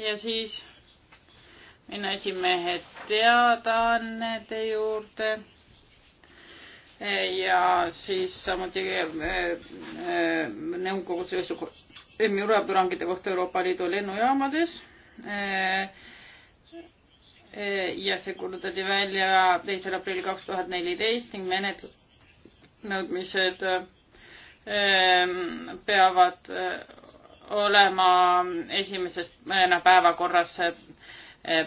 ja siis minna esimehe teadaannete juurde ja siis samuti eh, eh, nõukogus müravürangide kohta Euroopa Liidu lennujaamades. Eh, ja see kuulutati välja teisel aprillil kaks tuhat neliteist ning menetlusnõudmised peavad olema esimesena eh, noh, päevakorras eh,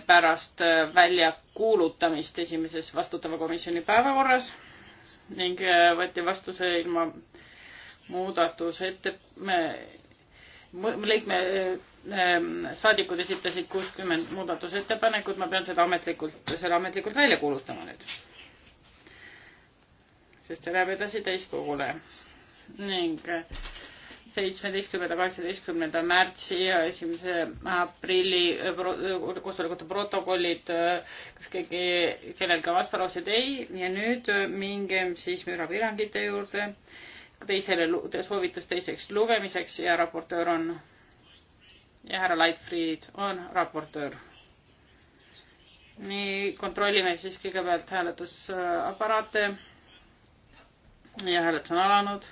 pärast eh, väljakuulutamist esimeses vastutava komisjoni päevakorras ning võeti vastu see ilma muudatusette-, liikme, saadikud esitasid kuuskümmend muudatusettepanekut, ma pean seda ametlikult, selle ametlikult välja kuulutama nüüd. sest see läheb edasi täiskogule ning äh, seitsmeteistkümnenda, kaheksateistkümnenda märtsi ja esimese aprilli koosolekute protokollid, kas keegi, kellel ka vastulauseid ei ja nüüd mingem siis mürapiirangite juurde teisele, soovitus teiseks lugemiseks ja raportöör on ja härra Leitfried on raportöör. nii, kontrollime siis kõigepealt hääletusaparaate. ja hääletus on alanud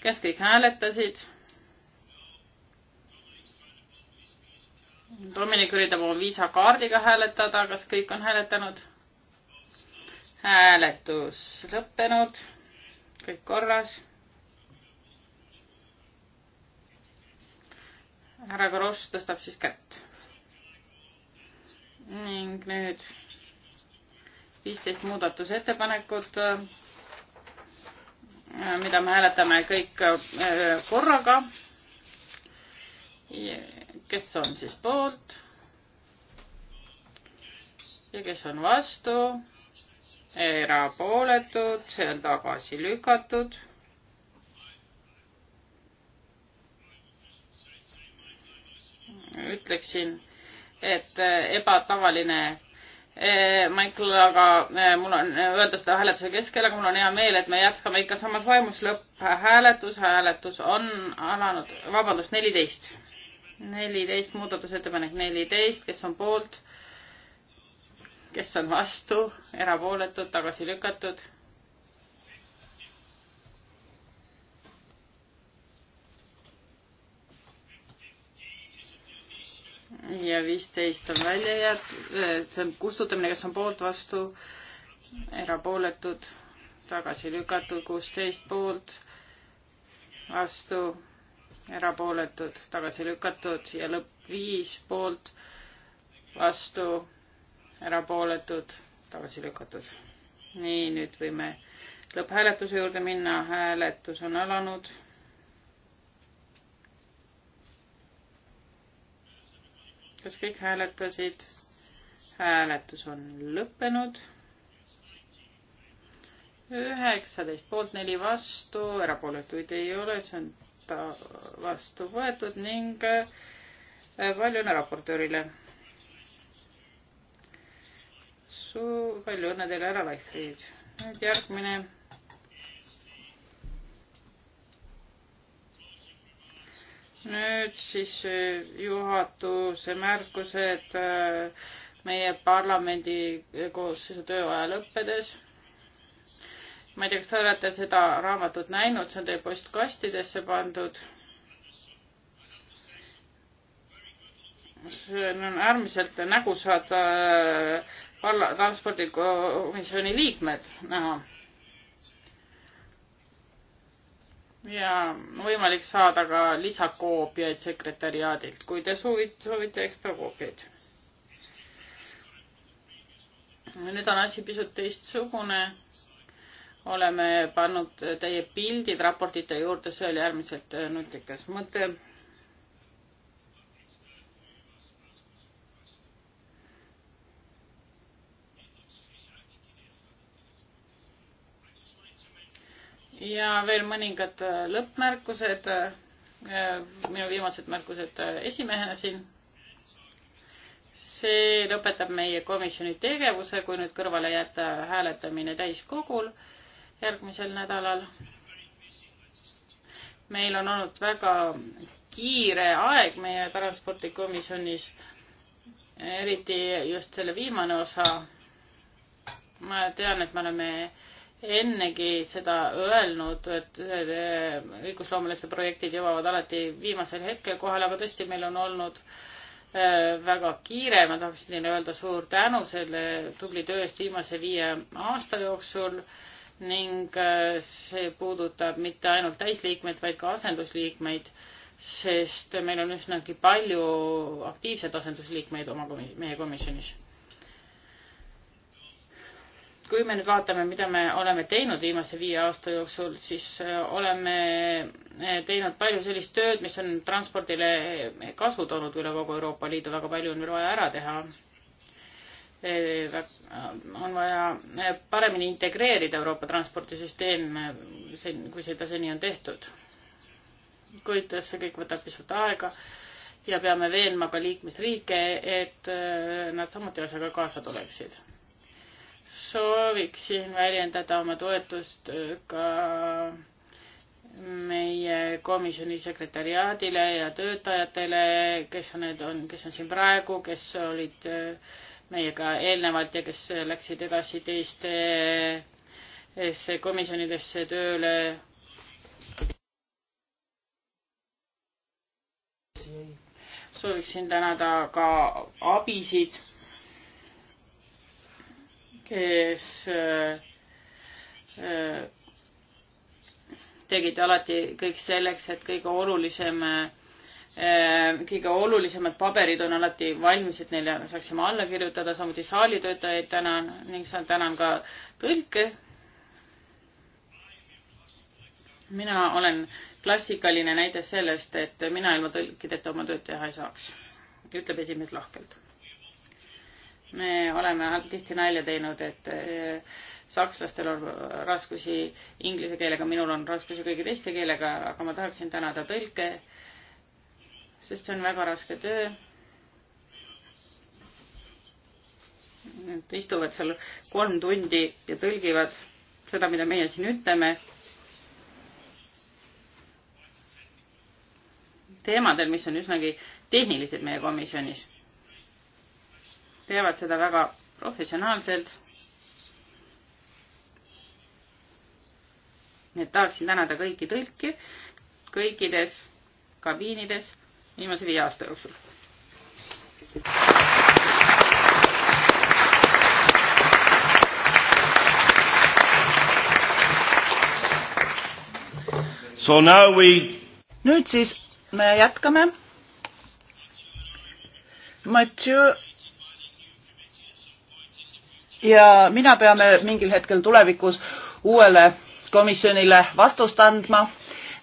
kes kõik hääletasid? Dominik üritab oma viisakaardiga hääletada, kas kõik on hääletanud? hääletus lõppenud, kõik korras. härra Gross tõstab siis kätt. ning nüüd viisteist muudatusettepanekut Äh, mida me hääletame kõik äh, korraga. kes on siis poolt? ja kes on vastu? erapooletud, see on tagasi lükatud. ütleksin, et äh, ebatavaline Eh, Michael, aga eh, mul on, eh, öelda seda hääletuse keskel, aga mul on hea meel, et me jätkame ikka samas vaimus lõpphääletus, hääletus on alanud, vabandust, neliteist. neliteist, muudatusettepanek neliteist, kes on poolt, kes on vastu, erapooletud, tagasi lükatud ja viisteist on välja jäetud, see on kustutamine, kes on poolt, vastu, erapooletud, tagasi lükatud, kuusteist poolt, vastu, erapooletud, tagasi lükatud ja lõpp viis poolt, vastu, erapooletud, tagasi lükatud. nii, nüüd võime lõpphääletuse juurde minna, hääletus on alanud kas kõik hääletasid? hääletus on lõppenud. üheksateist poolt neli vastu, erapooletuid ei ole, see on ta vastu võetud ning äh, palju õnne raportöörile. palju õnne teile, härra Laifrid. nüüd järgmine nüüd siis eh, juhatuse märkused eh, meie parlamendi eh, koosseisu tööaja lõppedes. ma ei tea, kas te olete seda raamatut näinud, see on teie postkastidesse pandud. see on äärmiselt nägusad parla-, transpordikomisjoni liikmed näha no ja võimalik saada ka lisakoopiaid sekretäriaadilt, kui te soovid, soovite ekstra koopiaid. nüüd on asi pisut teistsugune. oleme pannud teie pildid raportite juurde, see oli äärmiselt nutikas mõte ja veel mõningad äh, lõppmärkused, äh, minu viimased märkused äh, esimehena siin. see lõpetab meie komisjoni tegevuse, kui nüüd kõrvale jätta hääletamine täiskogul järgmisel nädalal. meil on olnud väga kiire aeg meie pärastspordikomisjonis, eriti just selle viimane osa. ma tean, et me oleme äh, ennegi seda öelnud, et eh, õigusloomelaste projektid jõuavad alati viimasel hetkel kohale, aga tõesti, meil on olnud eh, väga kiire, ma tahaksin teile öelda suur tänu selle tubli töö eest viimase viie aasta jooksul ning eh, see puudutab mitte ainult täisliikmeid, vaid ka asendusliikmeid, sest meil on üsnagi palju aktiivseid asendusliikmeid oma, meie komisjonis kui me nüüd vaatame, mida me oleme teinud viimase viie aasta jooksul, siis äh, oleme äh, teinud palju sellist tööd, mis on transpordile äh, kasu toonud üle kogu Euroopa Liidu, väga palju on veel vaja ära teha. on vaja paremini integreerida Euroopa transpordisüsteem, kui seda seni on tehtud. kuid see kõik võtab pisut aega ja peame veenma ka liikmesriike, et nad samuti asjaga kaasa tuleksid sooviksin väljendada oma toetust ka meie komisjoni sekretariaadile ja töötajatele, kes on need on, kes on siin praegu, kes olid äh, meiega eelnevalt ja kes läksid edasi teistesse komisjonidesse tööle. sooviksin tänada ka abisid kes äh, äh, tegid alati kõik selleks, et kõige olulisem, äh, kõige olulisemad paberid on alati valmis, et neile saaksime alla kirjutada, samuti saalitöötajaid tänan ning tänan ka tõlke mina olen klassikaline näide sellest, et mina ilma tõlkideta oma tööd teha ei saaks, ütleb esimees lahkelt me oleme tihti nalja teinud, et eh, sakslastel on raskusi inglise keelega, minul on raskusi kõigi teiste keelega, aga ma tahaksin tänada tõlke, sest see on väga raske töö. Nad istuvad seal kolm tundi ja tõlgivad seda, mida meie siin ütleme. teemadel, mis on üsnagi tehnilised meie komisjonis teevad seda väga professionaalselt. nii et tahaksin tänada kõiki tõlki kõikides kabiinides viimase viie aasta jooksul. So now we nüüd siis me jätkame. Mathieu ja mina peame mingil hetkel tulevikus uuele komisjonile vastust andma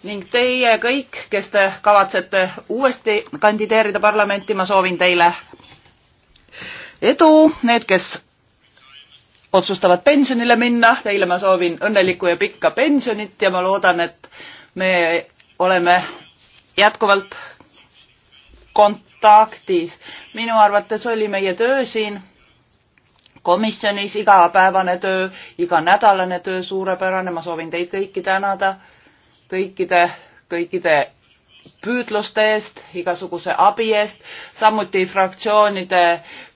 ning teie kõik, kes te kavatsete uuesti kandideerida parlamenti, ma soovin teile edu, need, kes otsustavad pensionile minna, teile ma soovin õnnelikku ja pikka pensionit ja ma loodan, et me oleme jätkuvalt kontaktis. minu arvates oli meie töö siin komisjonis igapäevane töö, iganädalane töö suurepärane, ma soovin teid kõiki tänada kõikide, kõikide püüdluste eest, igasuguse abi eest, samuti fraktsioonide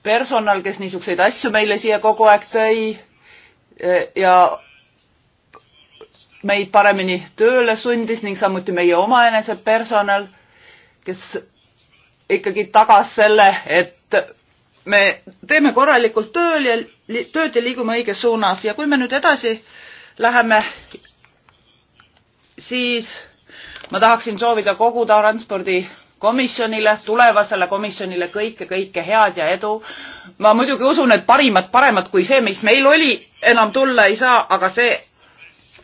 personal, kes niisuguseid asju meile siia kogu aeg tõi e, ja meid paremini tööle sundis ning samuti meie omaenese personal, kes ikkagi tagas selle, et me teeme korralikult tööl ja, tööd ja liigume õiges suunas ja kui me nüüd edasi läheme, siis ma tahaksin soovida kogu transpordi komisjonile, tulevasele komisjonile kõike, kõike head ja edu. ma muidugi usun, et parimat, paremat kui see, mis meil oli, enam tulla ei saa, aga see,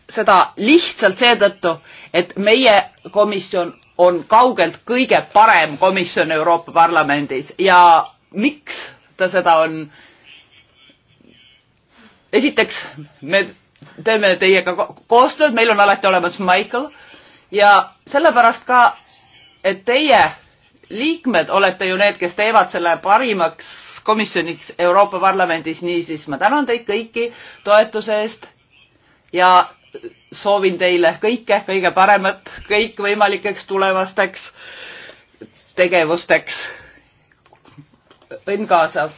seda lihtsalt seetõttu, et meie komisjon on kaugelt kõige parem komisjon Euroopa Parlamendis ja miks ta seda on. esiteks, me teeme teiega koostööd, meil on alati olemas Michael ja sellepärast ka, et teie liikmed olete ju need, kes teevad selle parimaks komisjoniks Euroopa Parlamendis, niisiis ma tänan teid kõiki toetuse eest ja soovin teile kõike kõige paremat kõikvõimalikeks tulevasteks tegevusteks în Gaza.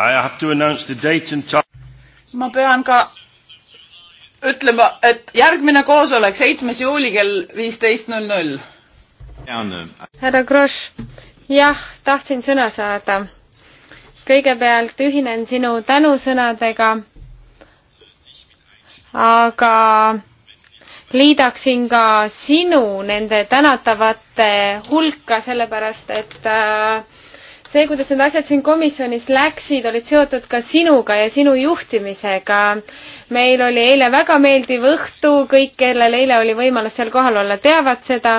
I have to announce the date and time. Ma pean ka ütlema, et järgmine koosolek, seitsmes juuli kell viisteist null null. härra Kross, jah, tahtsin sõna saada. kõigepealt ühinen sinu tänusõnadega, aga liidaksin ka sinu nende tänatavate hulka, sellepärast et äh, see, kuidas need asjad siin komisjonis läksid, olid seotud ka sinuga ja sinu juhtimisega. meil oli eile väga meeldiv õhtu, kõik, kellel eile oli võimalus seal kohal olla, teavad seda.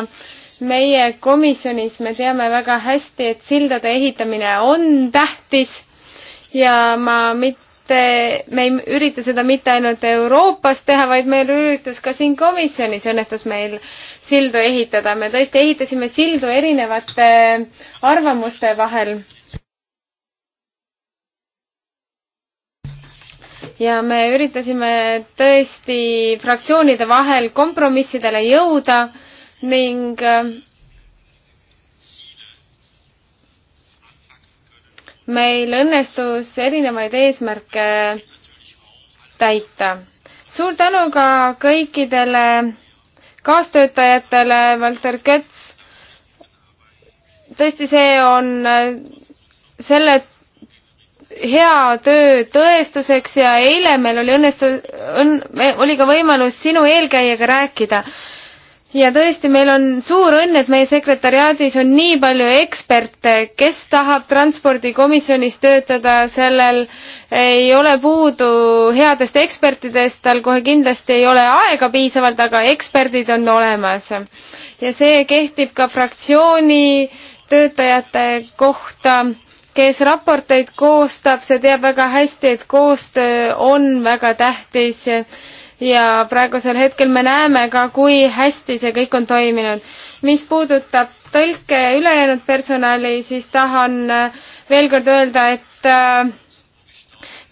meie komisjonis me teame väga hästi, et sildade ehitamine on tähtis ja ma mitte mitte, eh, me ei ürita seda mitte ainult Euroopas teha, vaid meil üritus ka siin komisjonis õnnestus meil sildu ehitada. me tõesti ehitasime sildu erinevate eh, arvamuste vahel. ja me üritasime tõesti fraktsioonide vahel kompromissidele jõuda ning eh, meil õnnestus erinevaid eesmärke täita. suur tänu ka kõikidele kaastöötajatele, Valter Köts. tõesti, see on äh, selle hea töö tõestuseks ja eile meil oli õnnestu-, õnn-, oli ka võimalus sinu eelkäijaga rääkida ja tõesti, meil on suur õnn, et meie sekretariaadis on nii palju eksperte, kes tahab transpordikomisjonis töötada, sellel ei ole puudu headest ekspertidest, tal kohe kindlasti ei ole aega piisavalt, aga eksperdid on olemas. ja see kehtib ka fraktsiooni töötajate kohta, kes raporteid koostab, see teab väga hästi, et koostöö on väga tähtis ja praegusel hetkel me näeme ka, kui hästi see kõik on toiminud. mis puudutab tõlke ja ülejäänud personali, siis tahan äh, veel kord öelda, et äh,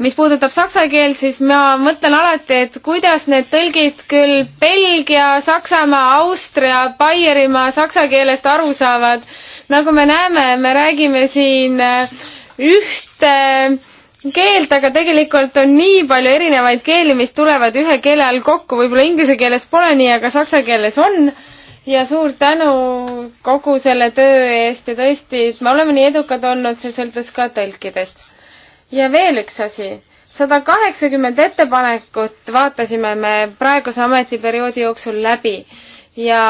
mis puudutab saksa keelt, siis ma mõtlen alati, et kuidas need tõlgid küll Belgia, Saksamaa, Austria, Baierimaa saksa keelest aru saavad. nagu me näeme, me räägime siin äh, ühte äh, keelt, aga tegelikult on nii palju erinevaid keeli, mis tulevad ühe keele all kokku, võib-olla inglise keeles pole nii, aga saksa keeles on. ja suur tänu kogu selle töö eest ja tõesti, et me oleme nii edukad olnud, see sõltus ka tõlkidest. ja veel üks asi, sada kaheksakümmend ettepanekut vaatasime me praeguse ametiperioodi jooksul läbi ja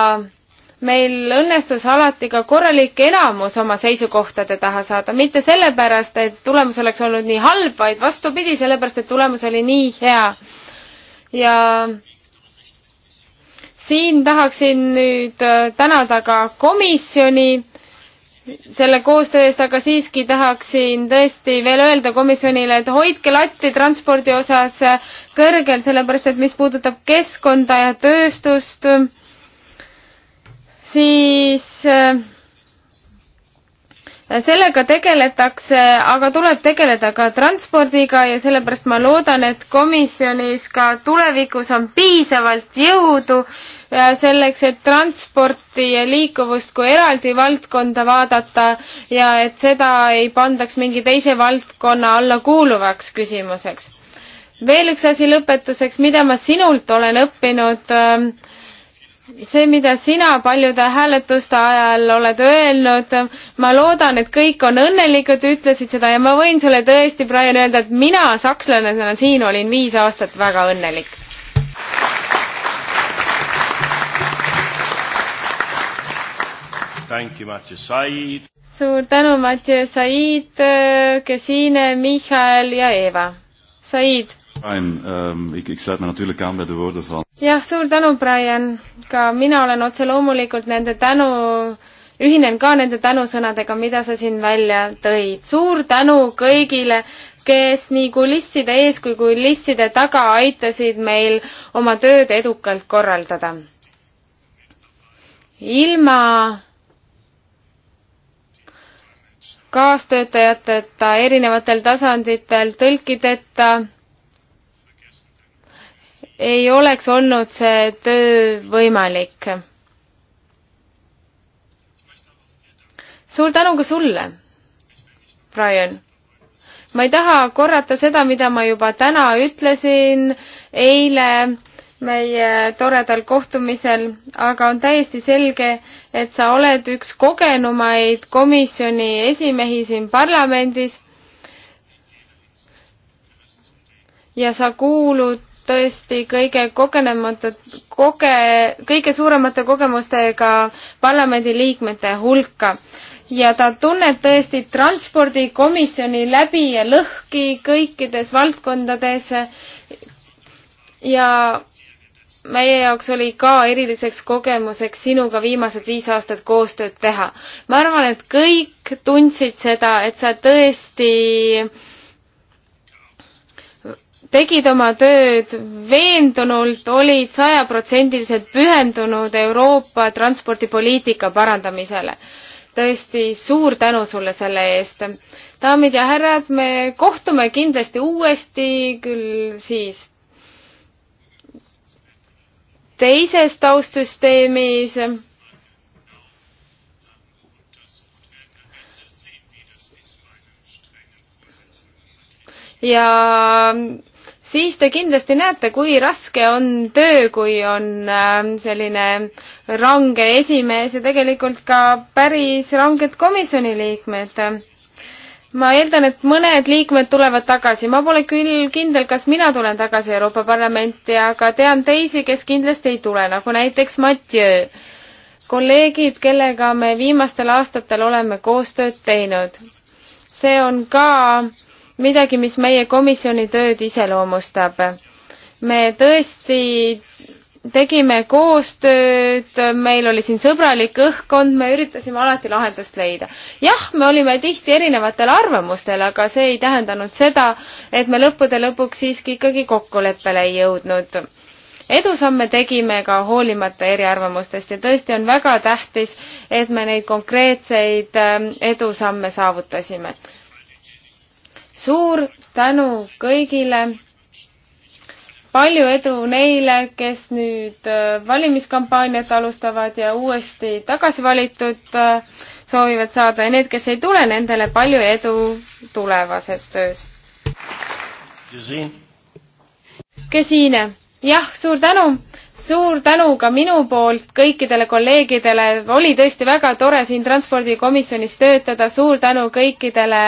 meil õnnestus alati ka korralik enamus oma seisukohtade taha saada, mitte sellepärast, et tulemus oleks olnud nii halb, vaid vastupidi, sellepärast et tulemus oli nii hea. ja siin tahaksin nüüd äh, tänada ka komisjoni selle koostöö eest, aga siiski tahaksin tõesti veel öelda komisjonile, et hoidke latti transpordi osas kõrgel, sellepärast et mis puudutab keskkonda ja tööstust, siis äh, sellega tegeletakse, aga tuleb tegeleda ka transpordiga ja sellepärast ma loodan, et komisjonis ka tulevikus on piisavalt jõudu äh, selleks, et transporti ja liikuvust kui eraldi valdkonda vaadata ja et seda ei pandaks mingi teise valdkonna alla kuuluvaks küsimuseks. veel üks asi lõpetuseks, mida ma sinult olen õppinud äh, see, mida sina paljude hääletuste ajal oled öelnud, ma loodan, et kõik on õnnelikud, ütlesid seda ja ma võin sulle tõesti, Brian, öelda, et mina sakslasena siin olin viis aastat väga õnnelik. suur tänu, Mattias Said, Kesine, Michal ja Eva. Said Ehm, jah, suur tänu, Brian. ka mina olen otse loomulikult nende tänu, ühinen ka nende tänusõnadega, mida sa siin välja tõid. suur tänu kõigile, kes nii kulisside ees kui kulisside taga aitasid meil oma tööd edukalt korraldada. ilma kaastöötajateta, erinevatel tasanditel, tõlkideta ei oleks olnud see töö võimalik. suur tänu ka sulle, Brian. ma ei taha korrata seda, mida ma juba täna ütlesin, eile meie toredal kohtumisel, aga on täiesti selge, et sa oled üks kogenumaid komisjoni esimehi siin parlamendis ja sa kuulud tõesti kõige kogenematud, koge, kõige suuremate kogemustega parlamendiliikmete hulka. ja ta tunneb tõesti transpordikomisjoni läbi ja lõhki kõikides valdkondades ja meie jaoks oli ka eriliseks kogemuseks sinuga viimased viis aastat koostööd teha. ma arvan, et kõik tundsid seda, et sa tõesti äh, tegid oma tööd veendunult, olid sajaprotsendiliselt pühendunud Euroopa transpordipoliitika parandamisele. tõesti suur tänu sulle selle eest. daamid ja härrad, me kohtume kindlasti uuesti, küll siis teises taustsüsteemis ja siis te kindlasti näete, kui raske on töö, kui on ähm, selline range esimees ja tegelikult ka päris ranged komisjoni liikmed. ma eeldan, et mõned liikmed tulevad tagasi, ma pole küll kindel, kas mina tulen tagasi Euroopa Parlamenti, aga tean teisi, kes kindlasti ei tule, nagu näiteks Mattiöö. kolleegid, kellega me viimastel aastatel oleme koostööd teinud. see on ka äh, midagi, mis meie komisjoni tööd iseloomustab. me tõesti tegime koostööd, meil oli siin sõbralik õhkkond, me üritasime alati lahendust leida. jah, me olime tihti erinevatel arvamustel, aga see ei tähendanud seda, et me lõppude lõpuks siiski ikkagi kokkuleppele ei jõudnud. edusamme tegime ka hoolimata eriarvamustest ja tõesti on väga tähtis, et me neid konkreetseid ähm, edusamme saavutasime suur tänu kõigile. palju edu neile, kes nüüd äh, valimiskampaaniat alustavad ja uuesti tagasi valitud äh, soovivad saada ja need, kes ei tule, nendele palju edu tulevases töös. Kesine, jah, suur tänu suur tänu ka minu poolt kõikidele kolleegidele, oli tõesti väga tore siin transpordikomisjonis töötada, suur tänu kõikidele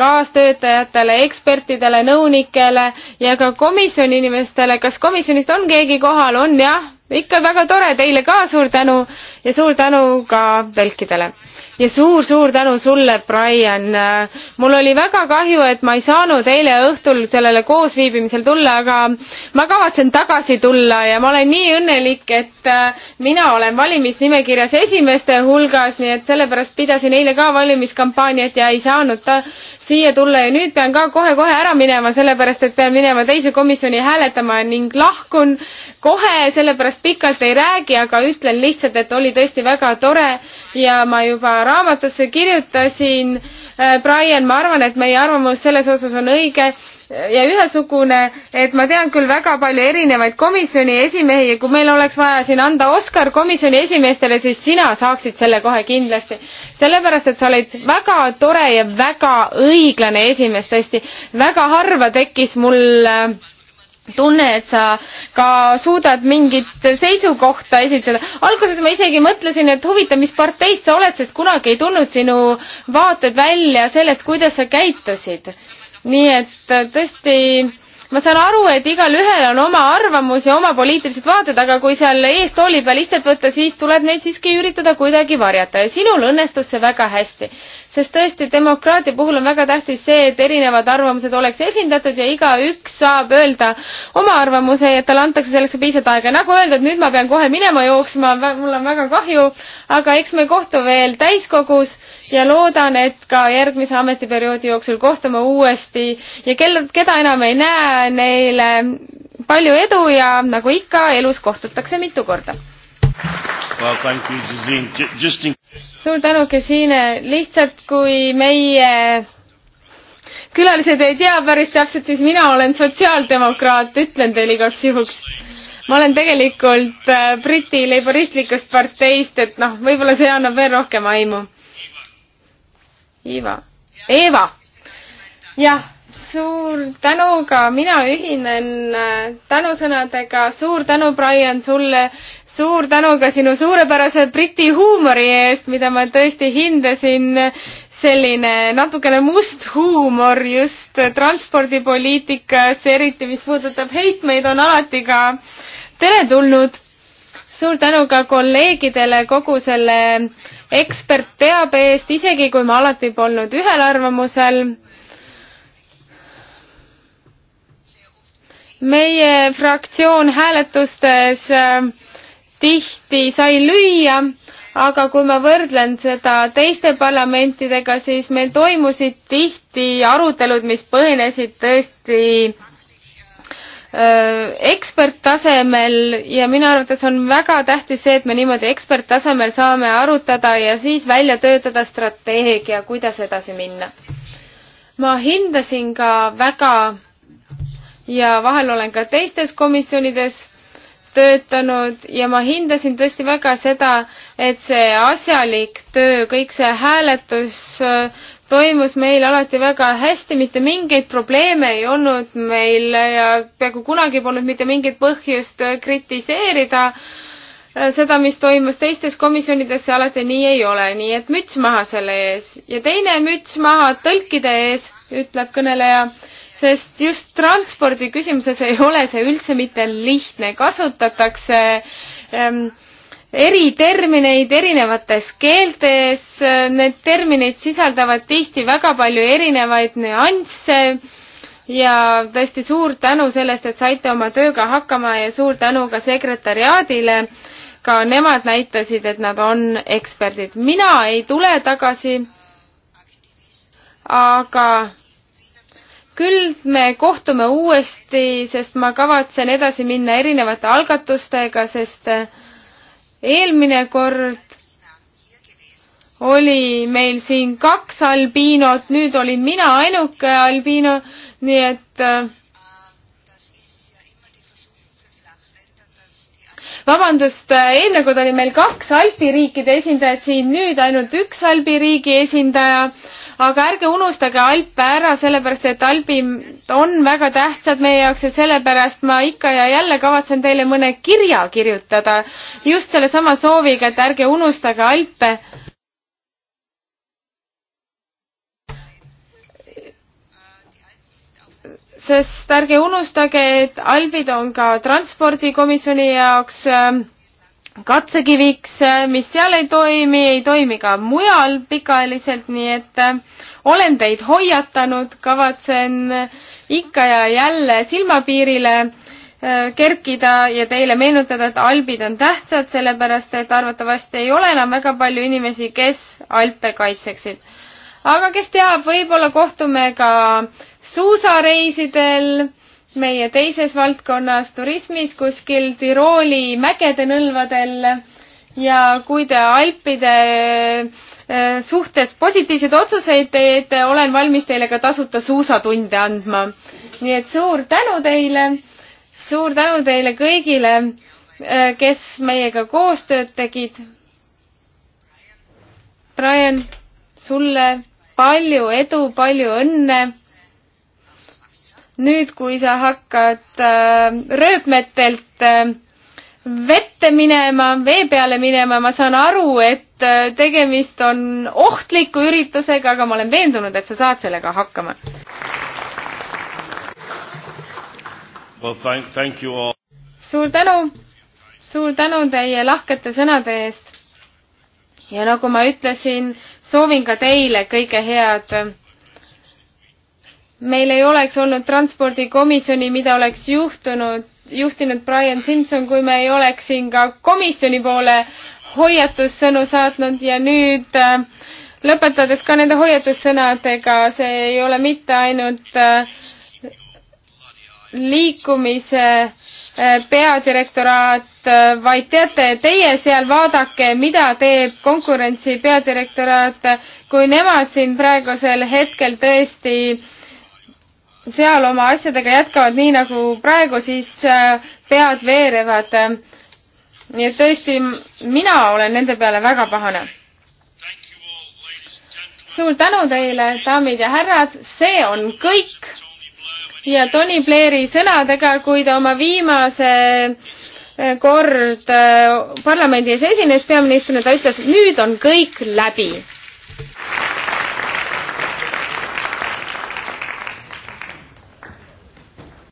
kaastöötajatele, ekspertidele, nõunikele ja ka komisjoni inimestele. kas komisjonist on keegi kohal? on jah, ikka väga tore, teile ka suur tänu ja suur tänu ka tõlkidele ja suur-suur tänu sulle, Brian. mul oli väga kahju, et ma ei saanud eile õhtul sellele koosviibimisel tulla, aga ma kavatsen tagasi tulla ja ma olen nii õnnelik, et äh, mina olen valimisnimekirjas esimeste hulgas, nii et sellepärast pidasin eile ka valimiskampaaniat ja ei saanud ta siia tulla ja nüüd pean ka kohe-kohe ära minema, sellepärast et pean minema teise komisjoni hääletama ning lahkun kohe, sellepärast pikalt ei räägi, aga ütlen lihtsalt, et oli tõesti väga tore ja ma juba raamatusse kirjutasin. Äh, Brian, ma arvan, et meie arvamus selles osas on õige ja ühesugune, et ma tean küll väga palju erinevaid komisjoni esimehi ja kui meil oleks vaja siin anda Oscar komisjoni esimeestele, siis sina saaksid selle kohe kindlasti. sellepärast, et sa olid väga tore ja väga õiglane esimees tõesti. väga harva tekkis mul äh, tunne, et sa ka suudad mingit seisukohta esitada. alguses ma isegi mõtlesin, et huvitav, mis parteist sa oled, sest kunagi ei tulnud sinu vaated välja sellest, kuidas sa käitusid. nii et äh, tõesti ma saan aru, et igalühel on oma arvamus ja oma poliitilised vaated, aga kui seal eestooli peal istet võtta, siis tuleb neid siiski üritada kuidagi varjata ja sinul õnnestus see väga hästi sest tõesti, demokraatia puhul on väga tähtis see, et erinevad arvamused oleks esindatud ja igaüks saab öelda oma arvamuse ja talle antakse selleks piisavalt aega. nagu öeldud, nüüd ma pean kohe minema jooksma, mul on väga kahju, aga eks me kohtu veel täiskogus ja loodan, et ka järgmise ametiperioodi jooksul kohtume uuesti ja kelle, keda enam ei näe, neile palju edu ja nagu ikka, elus kohtutakse mitu korda suur tänu, Gesine, lihtsalt kui meie külalised ei tea päris täpselt, siis mina olen sotsiaaldemokraat, ütlen teile igaks juhuks. ma olen tegelikult äh, Briti laboristlikust parteist, et noh, võib-olla see annab veel rohkem aimu. Iva, Eva, jah suur tänu ka, mina ühinen äh, tänusõnadega, suur tänu, Brian, sulle, suur tänu ka sinu suurepärase briti huumori eest, mida ma tõesti hindasin, selline natukene must huumor just transpordipoliitikas, eriti mis puudutab heitmeid, on alati ka teretulnud. suur tänu ka kolleegidele kogu selle ekspertteabe eest, isegi kui ma alati polnud ühel arvamusel meie fraktsioon hääletustes ähm, tihti sai lüüa, aga kui ma võrdlen seda teiste parlamentidega, siis meil toimusid tihti arutelud, mis põhinesid tõesti äh, eksperttasemel ja minu arvates on väga tähtis see, et me niimoodi eksperttasemel saame arutada ja siis välja töötada strateegia, kuidas edasi minna. ma hindasin ka väga ja vahel olen ka teistes komisjonides töötanud ja ma hindasin tõesti väga seda, et see asjalik töö, kõik see hääletus äh, toimus meil alati väga hästi, mitte mingeid probleeme ei olnud meil ja peaaegu kunagi polnud mitte mingit põhjust äh, kritiseerida äh, seda, mis toimus teistes komisjonides, see alati nii ei ole, nii et müts maha selle ees. ja teine müts maha tõlkide ees, ütleb kõneleja sest just transpordi küsimuses ei ole see üldse mitte lihtne, kasutatakse ähm, eritermineid erinevates keeltes, need terminid sisaldavad tihti väga palju erinevaid nüansse ja tõesti suur tänu sellest, et saite oma tööga hakkama ja suur tänu ka sekretäriaadile. ka nemad näitasid, et nad on eksperdid. mina ei tule tagasi, aga küll me kohtume uuesti, sest ma kavatsen edasi minna erinevate algatustega, sest eh, eelmine kord oli meil siin kaks albiinot, nüüd olin mina ainuke albiino, nii et eh, vabandust, eh, eelmine kord oli meil kaks alpiriikide esindajat siin, nüüd ainult üks alpiriigi esindaja aga ärge unustage Alpe ära, sellepärast et Alpid on väga tähtsad meie jaoks ja sellepärast ma ikka ja jälle kavatsen teile mõne kirja kirjutada just sellesama sooviga, et ärge unustage Alpe. sest ärge unustage, et Alpid on ka transpordikomisjoni jaoks äh, katsekiviks, äh, mis seal ei toimi, ei toimi ka mujal pikaajaliselt, nii et äh, olen teid hoiatanud, kavatsen äh, ikka ja jälle silmapiirile kerkida ja teile meenutada, et albid on tähtsad, sellepärast et arvatavasti ei ole enam väga palju inimesi, kes alpe kaitseksid. aga kes teab, võib-olla kohtume ka suusareisidel meie teises valdkonnas, turismis kuskil Tirooli mägede nõlvadel ja kui te Alpide eh, suhtes positiivseid otsuseid teete, olen valmis teile ka tasuta suusatunde andma. nii et suur tänu teile, suur tänu teile kõigile, eh, kes meiega koostööd tegid. Brian, sulle palju edu, palju õnne nüüd, kui sa hakkad äh, rööpmetelt äh, vette minema, vee peale minema, ma saan aru, et äh, tegemist on ohtliku üritusega, aga ma olen veendunud, et sa saad sellega hakkama. Well, thank, thank you all. suur tänu, suur tänu teie lahkete sõnade eest. ja nagu ma ütlesin, soovin ka teile kõike head meil ei oleks olnud transpordikomisjoni, mida oleks juhtunud, juhtinud Brian Simson, kui me ei oleks siin ka komisjoni poole hoiatussõnu saatnud ja nüüd äh, lõpetades ka nende hoiatussõnadega, see ei ole mitte ainult äh, liikumise äh, peadirektoraat, äh, vaid teate, teie seal vaadake, mida teeb konkurentsi peadirektoraat, kui nemad siin praegusel hetkel tõesti äh, seal oma asjadega jätkavad nii nagu praegu, siis äh, pead veerevad. nii et tõesti, mina olen nende peale väga pahane. suur tänu teile, daamid ja härrad, see on kõik. ja Tony Blairi sõnadega, kui ta oma viimase äh, kord äh, parlamendi ees esines peaministrina, ta ütles, nüüd on kõik läbi.